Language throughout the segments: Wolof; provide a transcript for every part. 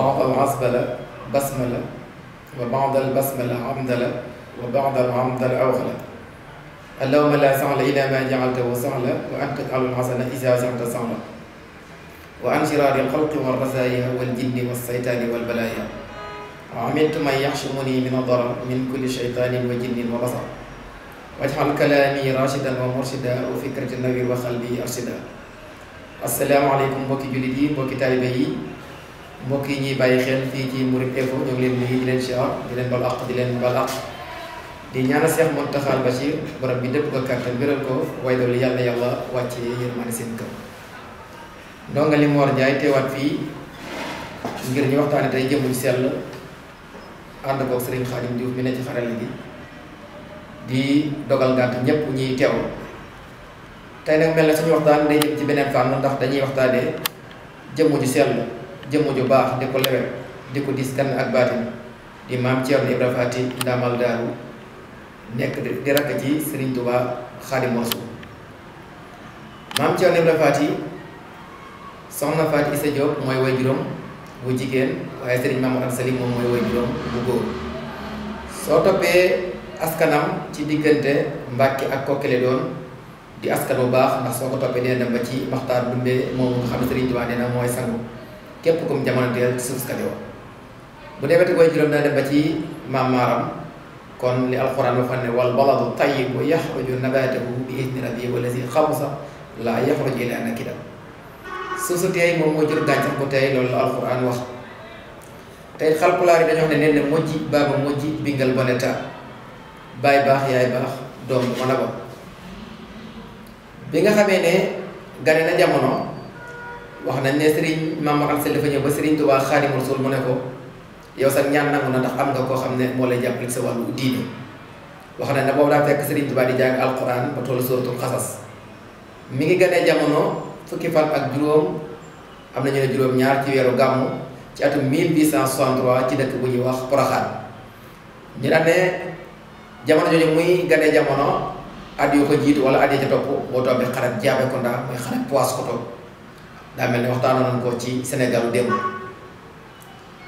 بعض العزبلة بسملة وبعض البسملة عمدلة وبعض العمدلة أوغلة اللهم لا سعل إلى ما جعلته سعلا وأنت على الحسنة إذا زعت سعلا وعن شرار الخلق والرزايا والجن والشيطان والبلايا وعملت من يحشمني من الضرر من كل شيطان وجن وبصر واجعل كلامي راشدا ومرشدا وفكرة النبي وخلبي أرشدا السلام عليكم mbokki جلدي yi mbokki mbokk yi ñuy bàyyi xel fii ci Mouride Info ñu ngi leen nuyu di leen siyaar di leen bal àq di leen bal àq di ñaanal Seex Muntaxa Bachir borom bi dëpp ko kàttan biral ko waaye doolu yàlla yàlla wàcce yërmande seen kaw ndongali Mor Njaay teewaat fii ngir ñu waxtaane tey jëmuñ sell ànd koog Sëriñ mi ne ci xarale bi di dogal gàtt ñépp ñuy teew tey nag mel na suñu waxtaan day jëm ci beneen fànn ndax dañuy waxtaanee ju sell jëmm ju baax di ko lewet di ko diis kan ak baatin di maam Thierno Ibrahima Fati ndaamal daaru nekk di rakk ci Serigne Touba Xaadimu Rasuul maam Thierno Ibrahima Fati soxna Fati Issa mooy way juróom bu jigéen waaye sëriñ Mamadou Anta Sali moom mooy way juróom bu góor soo toppee askanam ci diggante Mbàkke ak kokkele doon di askan bu baax ndax soo ko toppee dina dem ba ci Maxtaar Dumbe moom nga xam ne Serigne Touba nee na mooy sangu képp kum jamono teel ci suuf kajoor bu demete koy juróom dana dem ba ci maam kon li alxuraan waxoon ne wal baladu tayyibu yaxruju nabaatahu bi idni rabbihi wallazi xabusa laa yaxruju illaa nakida suuf su teey moom moo jur gàncax bu teey loolu la alxuraan wax tey xalpulaar yi dañoo wax ne nee na mujj baaba mujj bingal boneta baay baax yaay baax doom bu mën a bi nga xamee ne gane na jamono wax nañ ne Serigne Mame Mor Anta Saly dafa ñëw ba Serigne Touba Xaadimu Rasuul mu ne ko yow sax ñaan nangu na ndax am nga koo xam ne moo lay jàppale sa wàllu diine wax nañ ne boobu daa fekk Serigne Touba di jàng alquran ba toll suratul xasas mi ngi gënee jamono fukki fan ak juróom am na ñu ne juróom-ñaar ci weeru gàmmu ci atum 1863 ci dëkk bu ñuy wax Porokhane ñu daan ne jamono jooju muy gënee jamono at yu ko jiitu wala at yi ca topp boo tombee xarab jaabe kondaa muy xarab poise ko daa mel ne waxtaanoon nañ ko ci Sénégal démb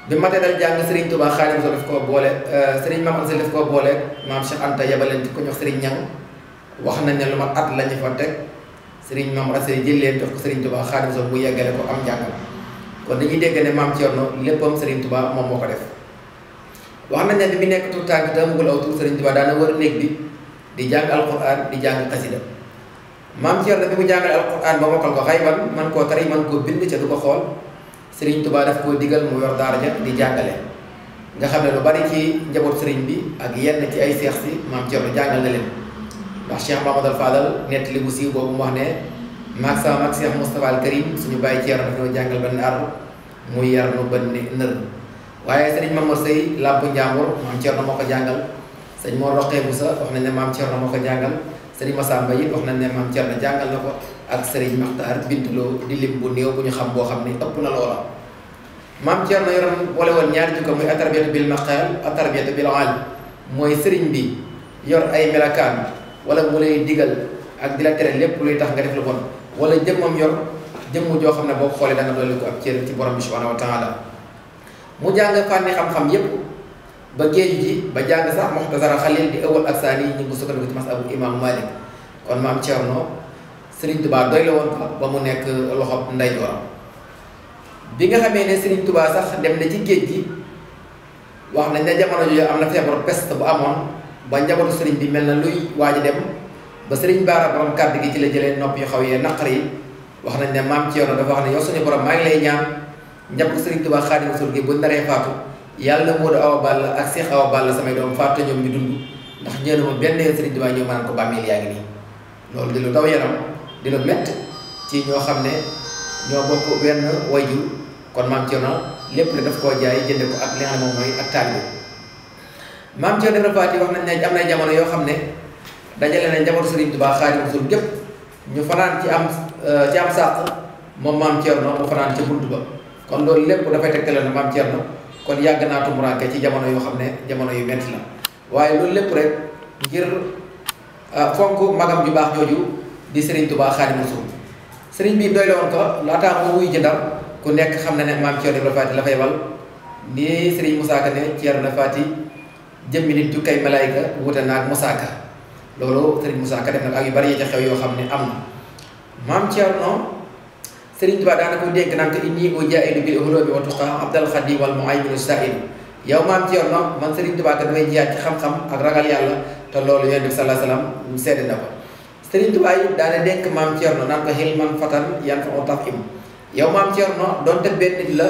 bi ma dal jàng Serigne Touba Xaadimu daf koo boole euh, Serigne Mame Anta daf koo boole maam Cheikh Anta yabaleen ci ku ñu wax wax nañ ne lu ma at la ñu fa teg Serigne Mame Anta jël leen jox ko Serigne Touba Xaadimu Rasuul bu yeggale ko am njàngam kon dañuy dégg ne maam Thierno léppam Serigne Touba moom moo ko def. wax nañ ne bi mu nekk tout tànk te amagul aw tur Serigne Touba daana wër néeg bi di jàng alxuraan di jàng xasida maam Thierno bi mu jàngale alquran ba mokkal ko xayban man koo tari man koo bind ca du ko xool Serigne Touba daf koo digal mu yor daara ja di jàngale nga xam ne lu bari ci njaboot Serigne bi ak yenn ci ay seex si maam Thierno jàngal na leen ndax Cheikh Mamadou Fadal nett li bu siiw wax ne maag sama maag Cheikh Moustapha Al Karim suñu bàyyi Thierno daf ñoo jàngal benn ar muy yar nu benn nër waaye ma Mamour Sey làmpu njàmbur maam Thierno moo ko jàngal sëñ moo roqee bu sax wax na ne maam Thierno moo ko jàngal sëriñ Massamba it wax nañ ne maam Thierno jàngal na ko ak sëriñ Maxtaar Bintaloo di lim bu néew bu ñu xam boo xam ne ëpp na loola. maam Thierno yoroon boole woon ñaari jikko muy atarbiyatu bil maqaal atarbiyatu bil aal mooy sëriñ bi yor ay melakaan wala mu lay digal ak di la tere lépp luy tax nga def lu bon wala jëmmam yor jëmm joo xam ne boo xoolee da nga dolli ko ak cër ci borom bi subhanahu wa taala mu jàng fànni xam-xam yépp ba géej gi ba jàng sax Muxtasar Xalil di ëwal ak saani yi ñu ngi ko sukkandiku ci masabu imaamu Malik kon maam Thierno Serigne Touba doy la woon ko ba mu nekk loxo ndeyjooram bi nga xamee ne Serigne Touba sax dem na ci géej gi wax nañ ne jamono jooju am na feebar peste bu amoon ba njabootu Serigne bi mel na luy waaj dem ba Serigne Bara borom kàdd gi ci la jëlee nopp xaw yee naqar yi wax nañ ne maam Thierno dafa wax ne yow suñu borom maa ngi lay ñaan njabootu Serigne Touba Xaadimu Rasuul gi bu naree faatu. yàlla na Modou Awa Balla ak Cheikh Awa Balla samay doom faatu ñoom ñu dund ndax ñeenu ma benn yoon Serigne Touba ñoo maanaam ko bàmmeel yaa ngi nii loolu di lu daw yaram di lu métti ci ñoo xam ne ñoo bokk wenn wayjur kon maam Thierno lépp la koo jaay jënde ko ak li nga xam ne moom mooy ak taalibe maam Thierno Ibra Faty wax nañ ne am jamono yoo xam ne dajale na njabootu Serigne Touba Xaadimu Rasuul gépp ñu fanaan ci am euh, ci am sàq moom maam Thierno mu fanaan ca bunt ba kon loolu lépp dafay kon yàgg naa tumuraanke ci jamono yoo xam ne jamono yu metti la waaye loolu lépp rek ngir ah, fonk magam ju baax jooju di Serigne Touba Xaadimu Rasuul Serigne bi doy la ko laataa mu wuy ji ku nekk xam na ne maam Thierno Ibrahima Faty la fay wal nii Serigne Moussa Ka ne Thierno Faty jëmmi nit ju kay malaayka wute naag Moussa Ka loolu Serigne Moussa Ka def nag ak yu bari yi ca xew yoo xam ne am na maam Thierno. Sëriñ Tuubaa daana ko dégg naan ko inni ujaahidu bil hulumi wa tuqaa abdal xadi wal muhayminu saa'il yow maam ci yoon ma man Sëriñ Tuubaa kat damay jiyaat ci xam-xam ak ragal yàlla te loolu yonent bi sallallahu alayhi na ko Sëriñ Tuubaa yi daana dénk maam ci yoon naan ko hilman fatan yan fa otafim yow maam ci yoon donte benn nit la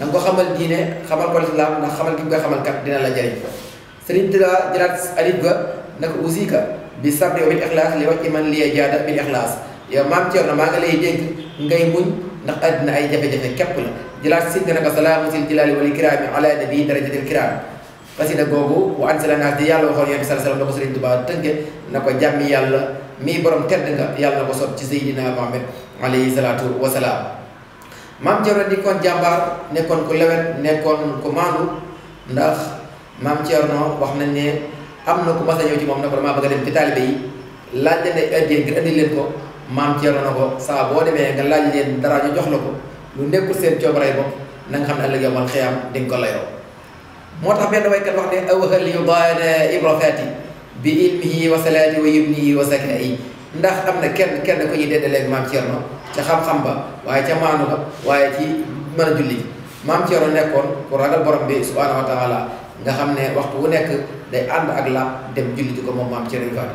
na ko xamal diine xamal ko lislaam ndax xamal ki nga xamal kat dina la jariñ ko Sëriñ Tuubaa jëlaat alif ga na ko usika bi sabri wa bil ixlaas li waj iman liye jaada bil ixlaas yow maam ci yoon maa ngi lay dénk ngay muñ ndax àddina ay jafe-jafe képp la jëlaat si dina ko salaamu sil jilaali wal di yàlla waxoon yonent sallallahu alayhi wasallam la ko Sëriñ ko jàmmi yàlla mii borom tedd nga yàlla na ko sob ci Seydina Muhammad alayhi salaatu wa salaam maam Cerno nekkoon nekkoon ku lewet nekkoon ku maandu ndax maam Cerno wax nañ ne am na ku mas a ñëw ci moom na ko damaa bëgg a dem ci taalibe yi laaj na ne addiyee ngir ko maam Thierno na ko saa boo demee nga laaj leen dara ñu jox la ko lu nekkul seen coobaree bopp na nga xam ne ëllëg yawmal xiyaam di nga ko layoo moo tax benn waykat wax ne awhal yudaana ibra faati bi ilmihi wa salaati wa yubnihi wa sakai ndax am na kenn kenn ku ñuy déddaleeg maam Thierno ca xam-xam ba waaye ca maanu ba waaye ci mën a julli maam Thierno nekkoon ku ragal borom bi subhaanahu wa taala nga xam ne waxtu wu nekk day ànd ak la dem julli ji ko moom maam Thierno Faati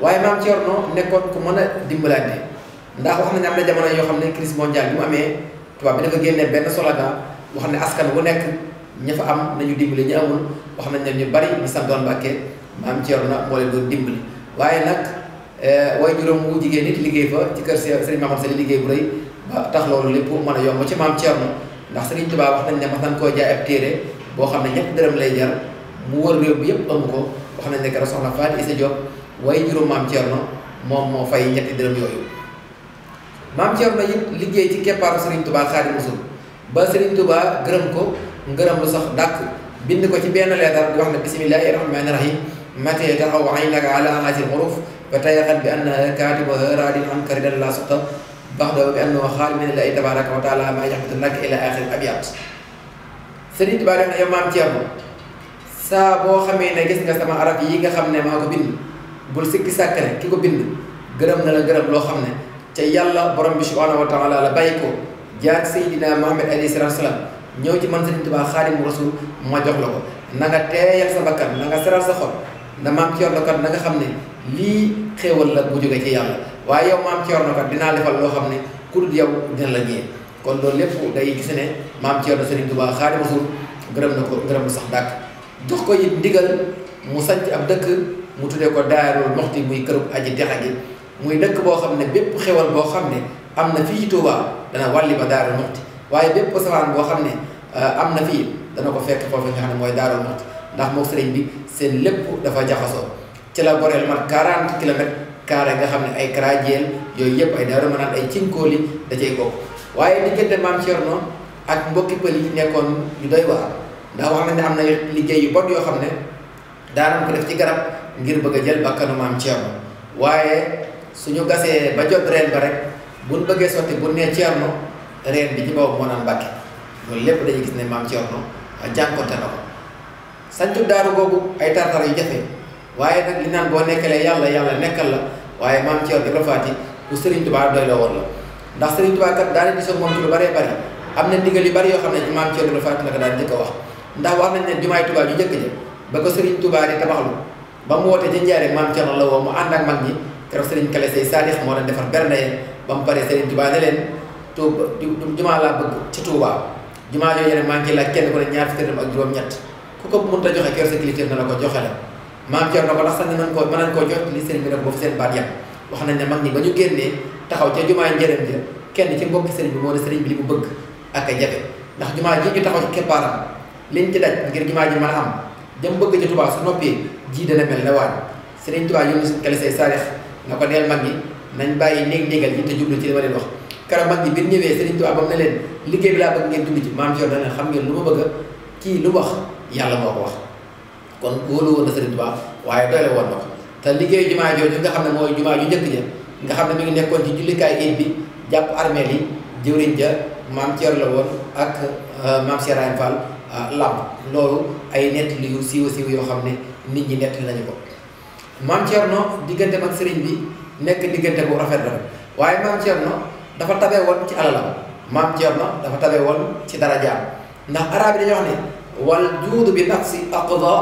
waaye maam Thierno nekkoon ku mën a dimbalante ndax wax nañu am na jamono yoo xam ne crise mondiale bi mu amee tubaab bi dafa génne benn slogan wax ne askan bu nekk ña fa am nañu dimbali ñu amul wax nañ ne ñu bari ñu santoon Mbàkke maam Thierno moo leen doon dimbali waaye nag eh, way juróom wu jigéen nit liggéey fa ci kër Serigne Mamadou Sall liggéey bu rëy ba tax loolu lépp mën a yomb ci maam Thierno ndax Serigne Touba wax nañ ne mas koo jaay ab téere boo xam ne ñett dërëm lay jar mu wër réew bi yëpp amu ko wax nañ ne keroog soxna Fatou waaye juróom maam Thierno moom moo fay ñetti dërëm yooyu maam Thierno it liggéey ci keppaaru Serigne Touba Xaadimu Rasuul ba Serigne tubaa gërëm ko gërëm lu sax dàkk bind ko ci benn leetar di wax na bismillahi rahmaani rahim matee taxaw aynaka ala anaasil xuruf fa tayaxat bi anna kaatibaha raadin an karidan la suqta baax bi annahu xaal min illahi tabaraka wa taala ma yaxbatu nak ila axir abiyat Serigne Touba def na yow maam Thierno saa boo xamee ne gis nga sama arab yi nga xam ne maa ko bul sikki sàkk ki ko bind gërëm na la gërëm loo xam ne ca yàlla borom bi subhaanahu wa taala la bàyyi ko jaar Seydina Muhammad alayhi salaatu salaam ñëw ci man Sëriñ ma jox la na nga teeyal sa bakkan na sa xol na maam Cerno kat na nga xam ne lii xéewal la bu jógee ci yàlla waaye yow maam Cerno kat dinaa defal loo xam ne ku dul yow dina la ñëwee kon loolu lépp day gis ne maam Cerno Sëriñ Tuubaa Xaadimu Rasuul gërëm na ko gërëm na sax dàkk jox ko it ndigal mu sanc ab dëkk mu tuddee ko daarul moxti muy këru aji texa gi muy dëkk boo xam ne bépp xewal boo xam ne am na fii ci Touba dana wàlli ba daarul moxti waaye bépp safaan boo xam ne euh, am na fii dana ko fekk foofu mooy daarul moxti ndax mook sëriñ bi seen lépp dafa jaxasoo ci la goreel mat 40 kilomètres carré nga xam ne ay karajeel yooyu yëpp ay daaru manaan ay cinkóoli da cay bokk waaye diggante maam ak mbokki pël yi nekkoon yu doy waar ndax wax nañ am na liggéey yu bon yoo xam ne daanam ko def ci garab ngir bëgg a jël bakkanu maam Thierno waaye suñu gasee ba jot reen ba rek buñ bëggee sotti bu nee Thierno reen bi ci boobu moo naan Mbàkke loolu lépp dañuy gis ne maam Thierno jànkonte na ko sancu daaru googu ay tartar yu jafe waaye nag li naan boo nekkalee yàlla yàlla nekkal la waaye maam Thierno Ibra Faati bu Serigne Touba doy la woon la ndax Serigne Touba kat daal di gisoon moom ci lu bëree bëri am na ndigal yu bëri yoo xam ne ci maam Thierno Ibra Faati la ko daan njëkk wax ndax wax nañ ne jumaay Touba ju njëkk ja ba ko Serigne Touba di tabaxlu ba mu wootee ci njaare maam na la woo mu ànd ak mag ñi keroog sëriñ Kale Sey Saadix moo leen defar bernde ba mu paree sëriñ Tuubaa ne leen laa bëgg ci Tuubaa jumaa yooyu yeneen maa ngi laaj kenn ku ne ak juróom-ñett ku ko mënut a joxe kër sa kilifteef na la maam Cerno na ko ndax sax mën nañ koo jox li sëriñ bi nag boofu seen baat yam ne mag ñi ba ñu génnee taxaw ca jumaa njëriñ ja kenn ci mbokki sëriñ bi moo ne sëriñ bi bëgg ak ay jafe ndax jumaa ji ñu taxaw ci keppaaram liñ ci daj ngir jumaa ji mën a am jëm bëgg ci Tuubaa su noppee ji dana mel ne waan Sëriñ Tuubaa yónni suñu kale say saarix na ko neel mag ñi nañ bàyyi néeg néegal yi te jublu ci li ma leen wax keroog mag ñi bi ñëwee Sëriñ Tuubaa ba mu ne leen liggéey bi laa bëgg ngeen jublu ci maam Thior xam ngeen lu ma bëgg a kii lu wax yàlla kon wóolu woon na Sëriñ Tuubaa waaye doole woon na ko te liggéeyu jumaa jooju nga xam ne mooy jumaa ju njëkk ja nga xam ne mi ngi nekkoon ci jullikaay éid bi jàpp armeel yi jëwriñ ja maam la woon ak euh, maam Serigne Fall Ah, làmb loolu ay nett li siiw yoo xam ne nit ñi nett nañu ko maam Thierno diggante ak sëriñ bi nekk diggante bu rafet la waaye maam Thierno dafa tabe woon ci alalam maam Thierno dafa tabe woon ci darajaam ndax araab yi dañoo wax ne wal juudu bi naqsi aqda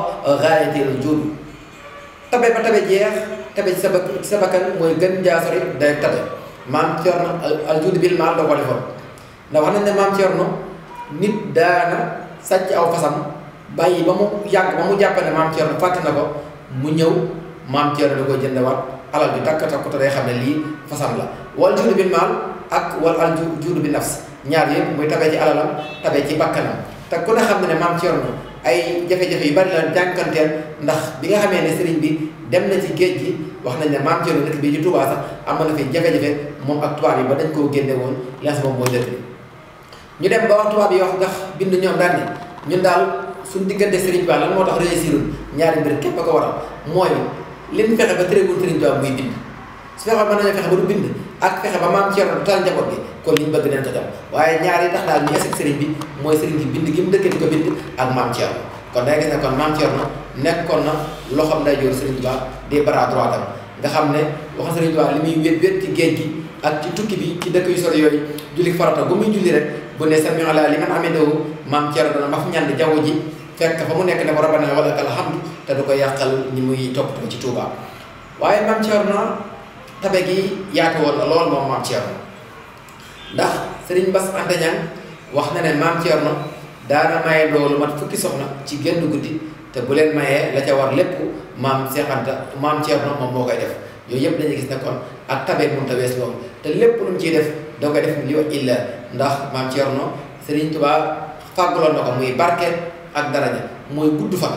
gaayatil juudu tabe ba tabe jeex tabe ci sa ba sa bakkan mooy gën jaa sori day tabe maam Thierno al juudu ni maal doo ko defoon ndax wax nañ ne maam Thierno nit daana sàcc aw fasam bàyyi ba mu yàgg ba mu jàpp ne maam Thierno fàtte na ko mu ñëw maam Thierno da koy jëndewaat alal bi takk takk te day xam fasam la wal juudu bi maal ak wal al juudu bin nafs ñaar yëpp muy tabee ci alalam tabee ci bakkanam te ku ne xam ne ne maam Thierno ay jafe-jafe yu bari la jànkanteel ndax bi nga xamee ne sëriñ bi dem na ci géej gi wax nañ ne maam Thierno dëkk bi ci Touba sax am na fi jafe-jafe moom ak tubaab yi ba dañ koo génne woon yaas moom moo jël ñu dem ba waxtu waa bi wax ndax bind ñoom daal ni ñun daal suñu diggante Serigne Touba moo tax réussir ñaari mbir képp a ko waral mooy liñ fexe ba tërëgul Serigne Touba muy bind su fexe ba du bind ba maam Thierno tal kon liñ bëgg neen waaye ñaari tax daal bi mooy Serigne bi bind gi mu dëkkee kon ne kon maam nekkoon na loxoom day joor Serigne Touba di bras droit am nga xam ne wax Serigne Touba li muy wét wét ci géej gi ak ci tukki bi ci dëkk yu sori yooyu julli farata bu muy julli rek bu ne sami ala liman hamidahu maam Thierno dana maf ñand jaww ji fekk fa mu nekk ne ko rabbana wa lakal hamd te du ko yàqal ñi muy toppatoo ci Touba waaye maam Thierno tabe gi yaatu woon na lool moom maam Thierno ndax Serigne Bass Anta Niang wax na ne maam Thierno daana maye loolu mat fukki soxna ci génn guddi te bu leen mayee la ca war lépp maam Cheikh mam maam Thierno mom moo koy def yooyu yëpp dañuy gis ne kon ak tabe mun ta wees loolu te lépp lu mu def doo koy def li wax illa ndax maam Cerno Sëriñ Tuubaa fàgguloon na ko muy barke ak daraja mooy gudd fan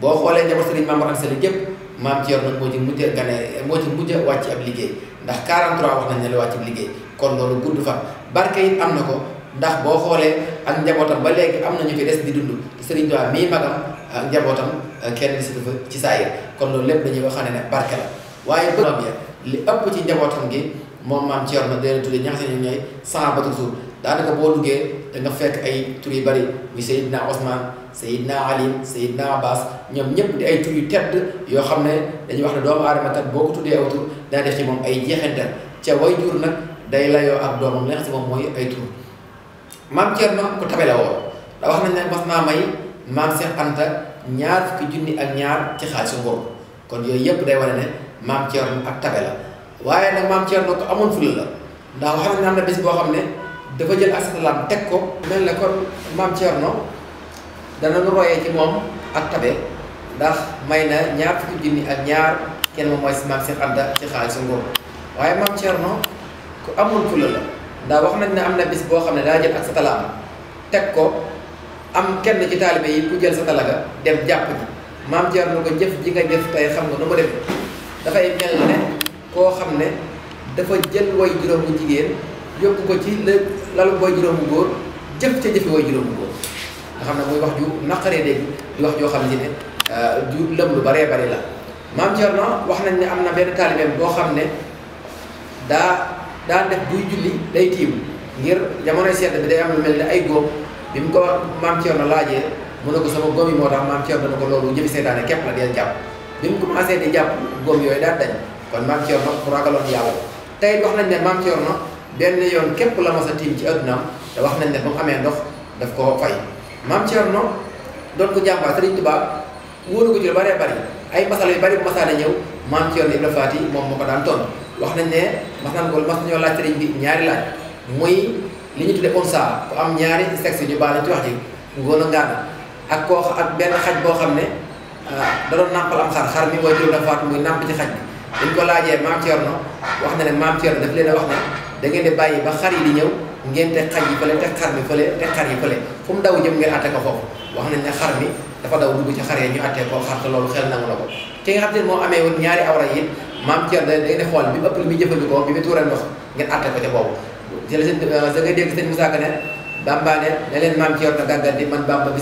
boo xoolee njaboot Sëriñ Maam Mor Anta Sali gépp maam Cerno moo ci mujj gane moo ci mujj wàcc ab liggéey ndax 43 wax nañ ne la wàcc ab liggéey kon loolu gudd fan barke it am na ko ndax boo xoolee ak njabootam ba léegi am nañu fi des di dund Sëriñ Tuubaa mii magam ak njabootam kenn gis dafa ci saa kon loolu lépp dañuy wax ne barke la waaye bë ya li ëpp ci njabootam gi moom maam Thierno nag dana tuddee ñi nga xam ne ñooy daanaka boo duggee da nga ay tur yu bëri muy Seydina Ousmane Seydina Ali Seydina Abbas ñoom ñëpp di ay tur yoo xam ne dañuy wax ne doomu aadama kat boo ko tuddee aw moom ay jeexantal ca way day layoo ak doomam li nga xam ne moom mooy ay tur maam Thierno woo da wax nañ ne mas naa may maam Cheikh Anta ñaar fukki junni ak ñaar ci xaalisu nguur kon yooyu yëpp day wane ne maam Thierno ak tabe la waaye nag maam Thierno ko la ndax wax na am na boo xam ne dafa jël asalaam teg ko. mel ne kon maam Thierno dana nu ci moom ak ndax may na ñaar fukki ak ñaar kenn moom mooy si maam Cheikh Anta ci xaalisu nguur waaye maam ku amoon fula la ndax wax nañ ne am na bés boo xam ne daa jël ak salaam teg ko. am kenn ci taalibe yi ku jël sa talaga dem jàpp ji maam Thierno ko jëf ji nga jëf tey xam nga nu mu def dafay mel ne boo xam ne dafa jël way juróom jigéen yóbbu ko ci la lalu way juróom bu góor jëf ca jëfi way juróom bu góor nga xam ne muy wax ju naqaree dégg di wax joo xam ne ne ju euh, lëm lu baree bari la maam Cerno wax nañ ne am na benn taalibeem boo xam ne daa daan def buy julli day tiim ngir jamonoy sedd bi day am lu mel ne ay góom bi mu ko maam Cerno laajee mu ne ko sama góom yi moo tax maam Cerno na ko loolu jëfi seytaane képp la deel jàpp bi mu commencé di jàpp góom yooyu daal dañ kon maam Thierno ku ragaloon yàlla tey wax nañ ne maam Thierno benn yoon képp la mas a ci addunaam te wax nañ ne ba mu amee ndox daf koo fay maam Thierno doon ko jàmbaar Sëriñ Tuubaa wóolu ko ci lu bëree bëri ay masala yu bëri bu masaana ñëw maam Thierno Ibra Faati moom moo ko daan tontu wax nañ ne mas nañ ko mas nañoo laaj sëriñ bi ñaari laaj muy li ñu tuddee onsa ku am ñaari sexe ñu baal ci wax ji ngoon a ngaan ak koo ak benn xaj boo xam ne ah, da doon nàmpal am xar xar mi mooy jël dafaat dañ ko laajee maam Thierno wax na ne maam Thierno daf leen a wax ne da ngeen bàyyi ba xar yi di ñëw ngeen teg xar yi fële teg xar mi fële teg xar yi fële fu mu daw jëm ngeen atte ko foofu wax nañ ne xar mi dafa daw dugg ci xar yi ñu attee ko xar te loolu xel nangu na ko ki xam te moo amee ñaari awra yi maam Thierno da ngeen di xool bi ëpp li muy jëfandikoo bi mu tuural ndox ngeen atte ko ca boobu jël seen euh, da ngay dégg sëñ Moussa Kane bambaane ne leen maam Thierno gàggal di man bamba nga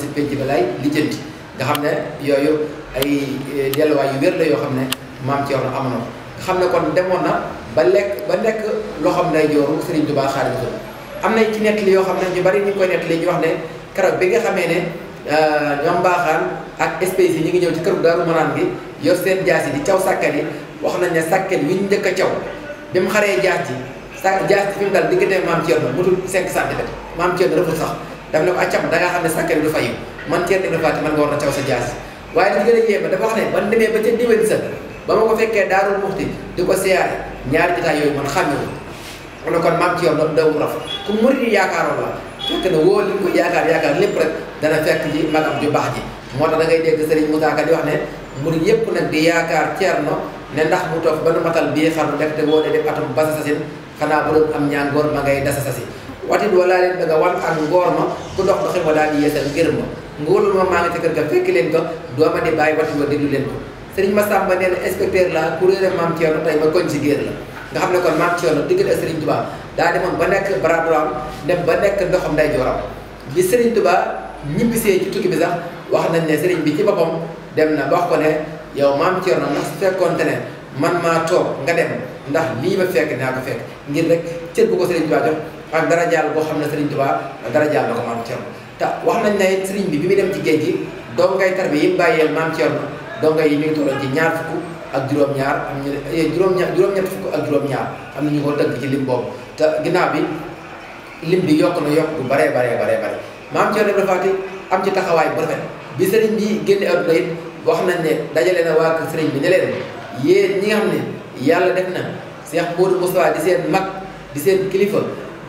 xam ne yooyu ay euh, delluwaay yu wér la yoo xam ne maam Thierno am na xam ne kon demoon na ba lekk ba nekk loxoom nday jooru du Touba Xaadimu Rasuul am na ci nettali yoo xam ne ñu bari ñu koy nettali ñu wax ne keroog bi nga xamee ne euh, ñoom baaxaan ak espèces yi ñu ngi ñëw ci këru Daaru Maraan gi yor seen jaas yi di caw sàkket yi wax nañ ne sàkket wi ñu njëkk a caw bi mu xaree jaas ji sa jaas ji fi mu dal diggante maam Thierno mutul 5 centimètres maam Thierno rëbbul sax daf ah, da ngaa xam ne sàkket bi du fayu man Thierno dafaati man nga war na caw sa jaas waaye li a yéeme dafa wax ne ba ca sa ba ma ko fekkee daarul muxti di ko siyaare ñaari jotaay yooyu man xàmmewu mu ne kon maam ci yoon doon dawum a ku murid yi yaakaaroon la fekk woo li yaakaar yaakaar lépp rek dana fekk ji magam ju baax moo tax da ngay dégg Serigne Moussa Ka di wax ne murid yépp nag di yaakaar ceer Ceerno ne ndax mu toog ban matal bii xarnu rek te boo dee def atum basa sasin xanaa bu doon am ñaa ngoor ma ngay dasa sasi watit walaa leen da nga wan ak ngoor ma ku dox doxi walaa di yeesal ngir ma nguurul ma maa ngi ci kër fekk leen ko dooma di bàyyi watit wa déglu leen ko Serigne Massamba nee na inspecteur la kuréel ak maam Thierno tey ma consiglière la nga xam ne kon maam Thierno diggante ak Serigne Touba daa demoon ba nekk bras droitam dem ba nekk ndoxam nday jooram ñibbisee ci tukki wax nañ ne Serigne bi ci boppam dem na ba wax ko ne yow maam Thierno ndax su fekkoonte man maa toog nga dem ndax lii ma fekk naa ko fekk ngir rek cër bu ko Serigne Touba jox ak dara jàll boo xam ne Serigne Touba dara jàll na ko maam Thierno te wax nañ ne Serigne bi bi muy dem ci géej gi doom ngay bi yi bàyyeel maam Thierno donga yi mi ngi ci ñaar fukk ak juróom-ñaar am ñu eh, juróom-ñaar juróom-ñett fukk ak juróom-ñaar am na ñu ko tënk ci lim boobu te ginnaaw bi lim bi yokk na yokk bu bare baree baree bare maam Thierno Ibra Faty am ci taxawaay bu rafet bi sëriñ bi génne adduna it wax nañ ne dajale na waa kër sëriñ bi ne leen yéen ñi nga xam ne yàlla def na Cheikh Modou Moustapha di seen mag di seen kilifa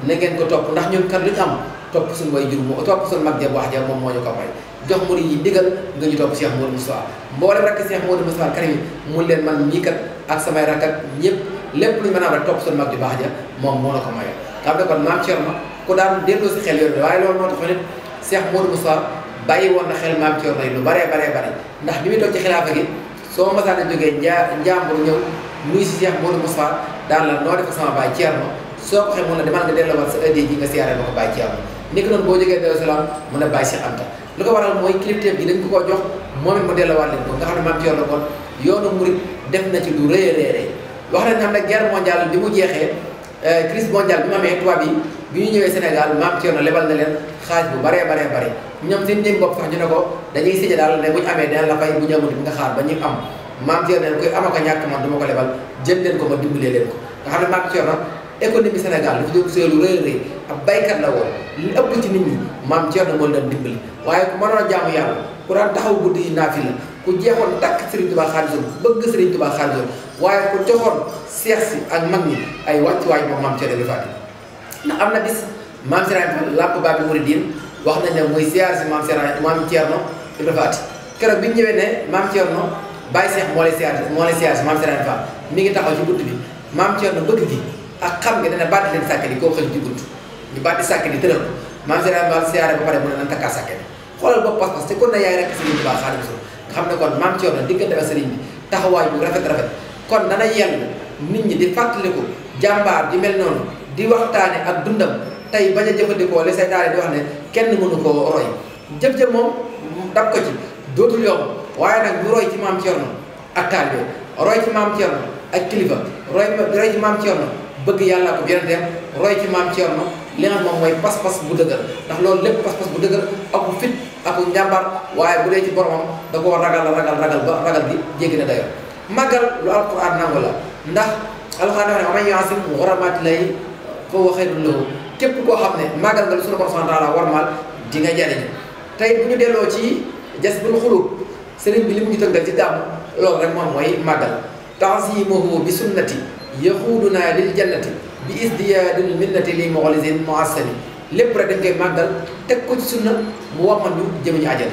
na ko topp ndax ñu kat lu ñu am topp suñu way jur moo topp suñu mag ja wax ja moom moo ñu ko may jox murid yi ndigal nga ñu topp Cheikh Modou Moustapha mboolem rakk Cheikh Modou Moustapha Karim mun leen man ñii kat ak samay rakkat ñëpp lépp lu ñu mën a am rek topp suñu mag ju baax ja moom moo la ko maye xam ne kon maam Thierno ku daan delloo si xel yooyu waaye loolu moo tax nit Cheikh Modou Moustapha bàyyi woon na xel maam Thierno yi lu baree baree bare ndax bi muy toog ci xilaafa gi soo masaan a jógee njaa njàmbur ñëw nuyu si Cheikh Modou Moustapha daan la noo def sama baay Thierno soo ko xee mun la demal nga delloo sa addiya ji nga siyaare ma ko baay Thierno ni ko noonu boo jógee Daaru Salaam mën a bàyyi Cheikh Anta lu ko waral mooy kilifteef bi dañ ko ko jox moom it mu leen ko nga xam ne maam Cerno kon yoonu def na ci lu rëy a rëy wax nañ xam ne guerre mondiale bi mu jeexee euh, crise mondiale bi mu amee tubaab yi bi ñu ñëwee Sénégal maam na lebal na leen xaaj bu baree baree bare ñoom seen néeg bopp sax ñu ne ko dañuy sëje daal ne bu amee dina la fay bu ñu amul bi nga xaar ba ñu am maam Cerno ne koy ama ko ñàkk man du ko lebal jël leen ko ma dimbalee leen ko nga xam ne économie Sénégal dafa doon seelu rëy rëy ab baykat la woon li ëpp ci nit ñi maam Thierno moo leen dimbali waaye ku mënoon a jaamu yàlla ku daan taxaw guddi yi naafi la ku jeexoon takk Serigne Touba xaalisam bëgg Serigne Touba xaalisam waaye ku joxoon seex si ak mag ñi ay wàccuwaay moom maam Thierno di fàtte na am na bis maam Serigne làpp baa bi muridin wax nañ ne mooy siyaar si maam Serigne maam Thierno Ibra Faati keroog bi ñëwee ne maam Thierno Baye Cheikh moo lay siyaar moo lay siyaar si ngi taxaw ci bunt bi maam Thierno bëgg gi ak xam nga dana baat leen sàkkani koo xëy di gudd ñu baat di tëral ko maam Serigne Ba siyaare ba pare mu ne lan takkaa sàkkani xoolal boobu pas-pas te kon na yaay rek Serigne Touba Xaadimu Rasuul nga xam ne kon maam Thierno diggante ak Serigne bi taxawaay bu rafet rafet kon dana yell nit ñi di fàttaliku jàmbaar di mel noonu di waxtaane ak dundam tey bañ a jëfandikoo li seytaane di wax ne kenn mënu ko roy jëf-jëf moom dab ko ci dootul yomb waaye nag bu roy ci maam Thierno ak taalibe roy ci maam ci maam bëgg yàllaa ko bien dem roy ci maam Thierno li nga moom mooy pas-pas bu dëgër ndax loolu lépp pas-pas bu dëgër aku fit aku njàmbar waaye bu dee ci boromam da koo ragal ragal ragal ba ragal bi jéggi na dayoo màggal lu alquran nangu la ndax alquran dafa ne man yu'azzim hurmaatillahi fa huwa khayrun lahu képp koo xam ne màggal nga lu sunu borom subhanahu wa taala warmaal di nga jariñu tey bu ñu delloo ci jasbul xulub sëriñ bi li mu ñu tënkal ci gàmm loolu rek moom mooy yi màggal ta'zimuhu bi sunnati naa lil jannati bi di isdiyaadil minnati li moxlisin moassani lépp rek dañ koy màggal teg ko ci sunna mu wamandu jëm ñu ajal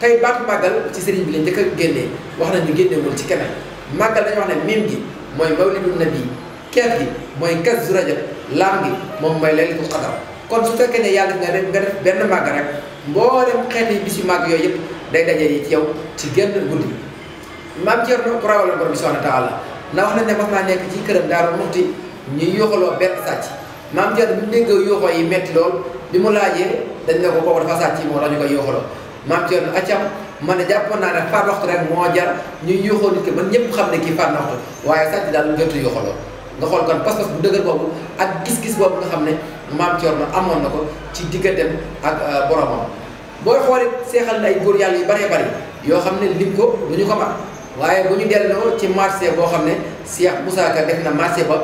tey baatu màggal ci sëriñ bi lañ njëkk a génnee wax nañ ñu génneewul ci keneen màggal dañu wax ne miim gi mooy mawlidun nabi keef gi mooy kas zu rajab laam gi moom mooy laylatul qadar kon su fekkee ne yàlla nga def nga benn màgg rek mboolem xeet yi bi bisi màgg yooyu yëpp day daje yi ci yow ci genn guddi maam Thierno ku ragal borom bi subhanahu wa ndax wax nañ ne mas naa nekk ci këram daaru muxti ñuy yooxaloo benn sàcc maam Jaara bu ñu déggee yooxoo yi metti lool bi mu laajee dañ ne ko kooku dafa sàcc moo tax ñu koy yooxaloo maam Jaara accam man ne jàppoon naa ne faat waxtu rek moo jar ñuy yooxoo nit ki ba ñëpp xam ne kii faat na waxtu waaye sàcc daal lu jotu yooxaloo nga xool kon pas-pas bu dëgër boobu ak gis-gis boobu nga xam ne maam Cerno amoon na ko ci digganteem ak euh, boromam booy xool seexal na ay góor yàlla yu baree bari yoo xam ne lim ko du ñu ko mat waaye bu ñu delloo ci marché boo xam ne Cheikh Moussa Ka def na marché ba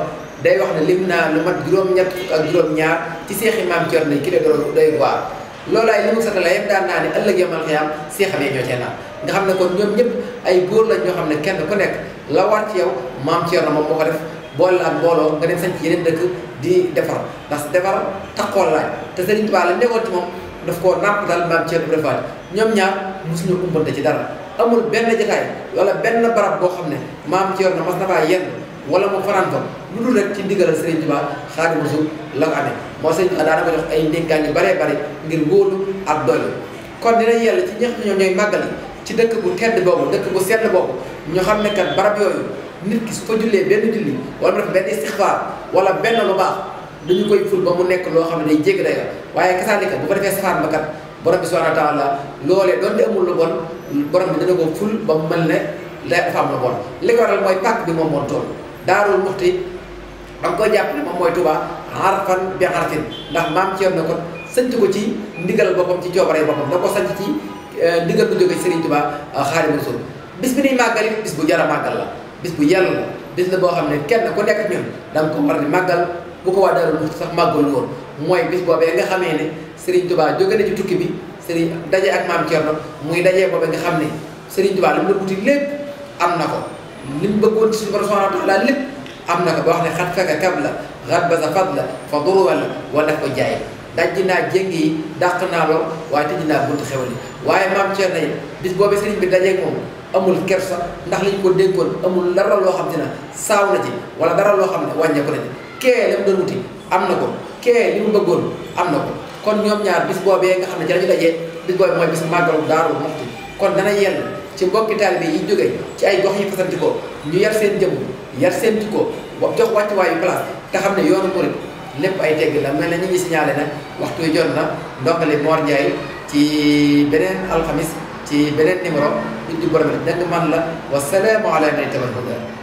day wax ne lim naa lu mat juróom-ñett ak juróom-ñaar ci seexi maam Thierno ne ki la doon doy waar loolaay li mu satala yëpp daan naa ne ëllëg yamal xiyaam seexamee ñoo cee naan nga xam ne kon ñoom ñëpp ay góor lañ ñoo xam ne kenn ku nekk la war ci yow maam Thierno moom moo ko def bool la mbooloo nga dem sañ ci yeneen dëkk di defar ndax defar xool laaj te Serigne Touba la nekkoon ci moom daf koo nàpp daal maam Thierno bu defaat ñoom ñaar mosuñu umbante ci dara amul benn jataay wala benn barab boo xam ne maam Thierno mas na faa yenn wala mu faram fa lu dul rek ci ndigalal Serigne Touba Xaadimu Rasuul la ko amee moo Serigne Touba daana ko jox ay ndénkaan yu baree bare ngir wóolu ak doylu kon dina yàlla ci ñi xam ñooy màggali ci dëkk bu tedd boobu dëkk bu sell boobu ñu xam ne kat barab yooyu nit ki su fa jullee benn julli wala mu def benn istixfaar wala benn lu baax dañu koy ful ba mu nekk loo xam ne day jéggi dayoo waaye kasaalika bu ko defee borom bi subhanahu wa taala loolee doon di amul lu bon borom bi dana ko ful ba mu ne dafa am lu mooy pàkk bi moom moom tool daarul muxti da nga koy moom mooy Tuubaa xarfan bi xarfin ndax maam ci yoon na ko sanc ko ci ndigal boppam ci coobare boppam da ko sanc ci eh, ndigal bu jóge Serigne Touba eh, Xaadimu Rasuul bis bi niy màggal it bis bu jar a bis bu yàlla la boo xam ne kenn ku nekk ñun da nga ko war màggal bu ko waa daarul muxti sax màggal woon mooy bis boobee nga xamee ne Serigne Touba jóge na ci tukki bi Serigne daje ak maam Thierno muy daje booba nga xam ne Serigne Touba li mu doon wuti lépp am na ko li mu bëggoon ci suñu borom subhanahu wa taala lépp am ko wax ne xat fekk kab la xat ba sa fad wala ko jaay dajji jéngi yi dàq naa loo waaye tëj naa buntu xewal bis boobu Serigne bi dajeeg moom amul kersa ndax li ko dénkoon amul dara loo xam te ne na ci wala dara loo xam ne wàññeeku na ci kee li doon wuti am ko kee li mu bëggoon ko kon ñoom ñaar bis boobee nga xam ne ci la dajee bis boobee mooy bis màggalu Daaru Muxti kon dana yenn ci mbokki bi yi jóge ci ay gox yi fasanti ko ñu yar seen jëmm yar seen jikko jox wàccuwaayu place te xam ne yoon murit lépp ay tegg la mel na ñu ngi signalé nag waxtu jot na ndongale Mor Ndiaye ci beneen alxamis ci beneen numéro ñu di borom dëgg man la wa salaamu ala man ittabaal hudaa